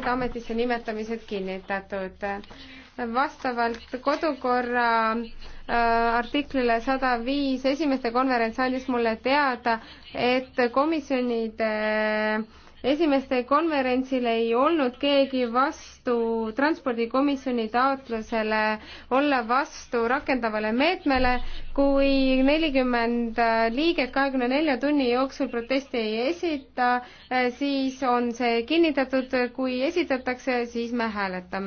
olid ametisse nimetamised kinnitatud. vastavalt kodukorra äh, artiklile sada viis esimeste konverents andis mulle teada, et komisjonide esimeste konverentsil ei olnud keegi vastu transpordikomisjoni taotlusele olla vastu rakendavale meetmele, kui nelikümmend liiget kahekümne nelja tunni jooksul protesti ei esita, eh, siis on see kinnitatud, kui esitatakse, siis me hääletame.